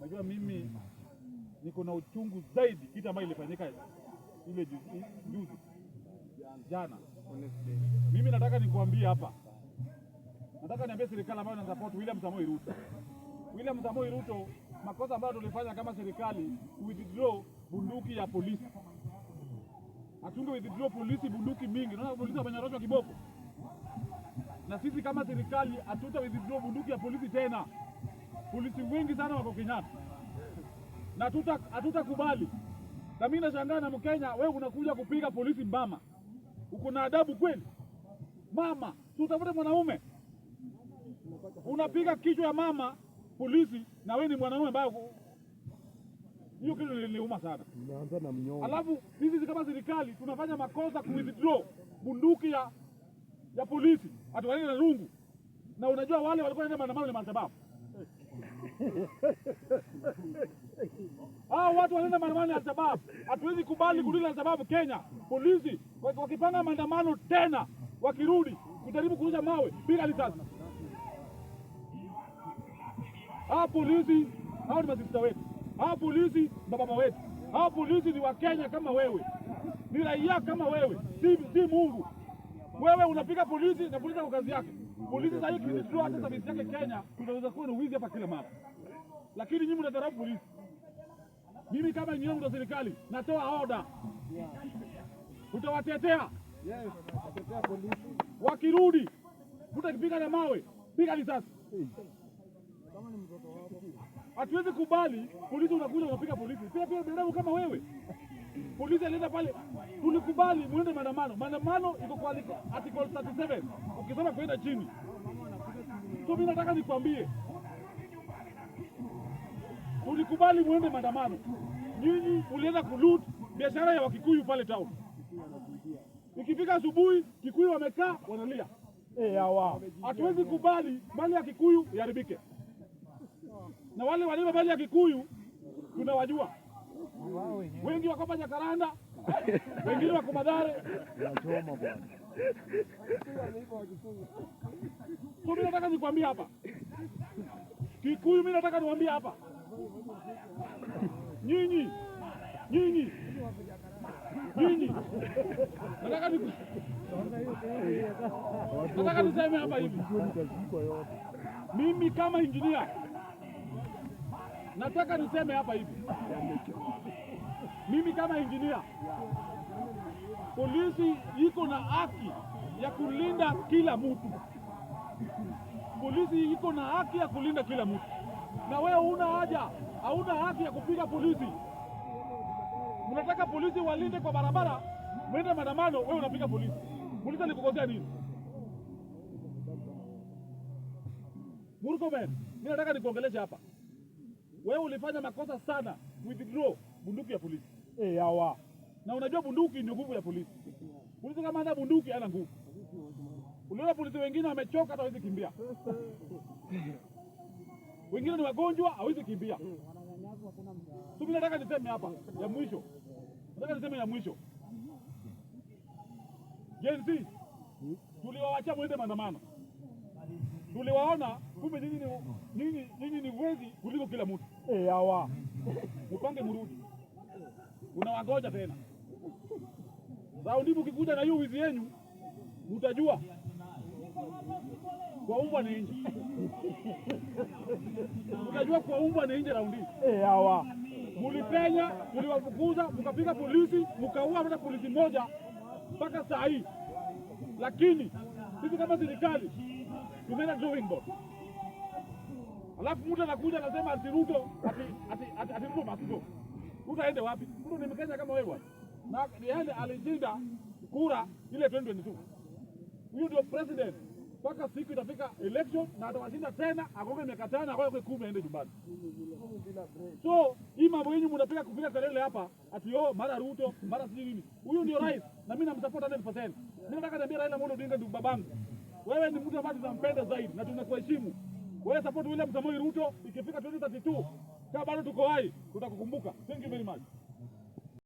Unajua mimi niko na uchungu zaidi kitu ambayo ilifanyika ile juzi jana. Mimi nataka nikuambie hapa, nataka niambie serikali ambayo inasupport William Samoei Ruto, William Samoei Ruto, makosa ambayo tulifanya kama serikali withdraw bunduki ya polisi, hatunge withdraw polisi bunduki mingi. Naona polisi wamenyoroshwa kiboko, na sisi kama serikali hatuta withdraw bunduki ya polisi tena. Polisi wengi sana wako Kenyatta na hatutakubali. Na mimi nashangaa na Mkenya, wewe unakuja kupiga polisi mbama, uko na adabu kweli? Mama tutafute mwanaume, unapiga kichwa ya mama polisi na wewe ni mwanaume ambaye hiyo kitu niliuma sana. Unaanza na mnyonge. Alafu sisi kama serikali tunafanya makosa ku withdraw bunduki ya ya polisi, atuwaende na rungu. Na unajua wale walikuwa wanaenda maandamano ni masababu. Hao watu wanaenda maandamano ya sababu, hatuwezi kubali kulinda sababu. Kenya polisi wakipanga maandamano tena, wakirudi kujaribu kurusha mawe bila risasi. Hao polisi hao ni masista wetu, hao polisi ni wetu, hao polisi ni Wakenya kama wewe, ni raia kama wewe, si, si Mungu. Wewe unapiga polisi na polisi kwa kazi yake. Polisi sasa hivi kizitua hata service yake Kenya, tunaweza kuwa na wizi hapa kila mara, lakini nyinyi mnadharau polisi. Mimi kama nyinyi wa serikali natoa oda, polisi. wakirudi. Mtakipiga na mawe, piga risasi. Hatuwezi kubali polisi unakuja unapiga polisi, pia pia binadamu kama wewe polisi alienda pale, tulikubali mwende maandamano. Maandamano iko kwa article 37 ukisema kwenda chini. So mimi nataka nikwambie, tulikubali mwende maandamano, nyinyi mulienda kulut biashara ya Wakikuyu pale town. Ikifika asubuhi, Kikuyu wamekaa wanalia eh, hawa hatuwezi kubali mali ya Kikuyu iharibike, na wale waliba mali ya Kikuyu tunawajua wengi wako hapa Jakaranda, wengine wako Madhare, mimi nataka nikwambie hapa Kikuyu, mimi nataka niwaambie hapa nyinyi, nyinyi, nyinyi, nataka niseme hapa hivi, mimi kama injinia Nataka niseme hapa hivi, mimi kama injinia, polisi iko na haki ya kulinda kila mtu. Polisi iko na haki ya kulinda kila mtu, na wewe una haja, hauna haki ya kupiga polisi. Unataka polisi walinde kwa barabara, mwende maandamano, wewe unapiga polisi. Polisi alikukosea nini? Murkomen, mimi nataka nikuongeleshe hapa wewe ulifanya makosa sana, withdraw bunduki ya polisi e, eh, yawa na unajua bunduki ndio nguvu ya polisi. Polisi kama ana bunduki ana nguvu. Uliona polisi wengine wamechoka, hata hawezi kimbia wengine ni wagonjwa, hawezi kimbia. Mimi nataka niseme hapa ya mwisho, nataka niseme ya mwisho, Gen tuliwawacha mwende maandamano, tuliwaona kumbe nyinyi ni wezi kuliko kila mtu hawa mpange mrudi, unawagoja tena sau ndipo kikuja na hiyo wizi yenyu utajua kwaumbwa ni nje, utajua kwaumbwa ni nje. Raundi hawa mulipenya, muliwafukuza, mukapiga polisi, mukaua hata polisi moja mpaka saa hii, lakini sisi kama serikali tumeenda drawing board. Alafu mtu anakuja anasema ati Ruto ati ati ati ati Ruto basi. Ruto aende wapi? Ruto ni Mkenya kama wewe. Na yeye alishinda kura ile 2022. Huyu ndio president. Paka siku itafika election na atawashinda tena agonge miaka tano kwa 10 aende nyumbani. So hii mambo yenu mnapiga kupiga kelele hapa ati yo oh, mara Ruto mara sijui nini. Huyu ndio rais na mimi namsupport 100%. Mimi nataka niambie Raila Amolo Odinga ndio babangu. Wewe ni mtu ambaye tunampenda zaidi na tunakuheshimu wewe support William Samoei Ruto, ikifika 2032 kama bado tuko hai, tutakukumbuka. Thank you very much.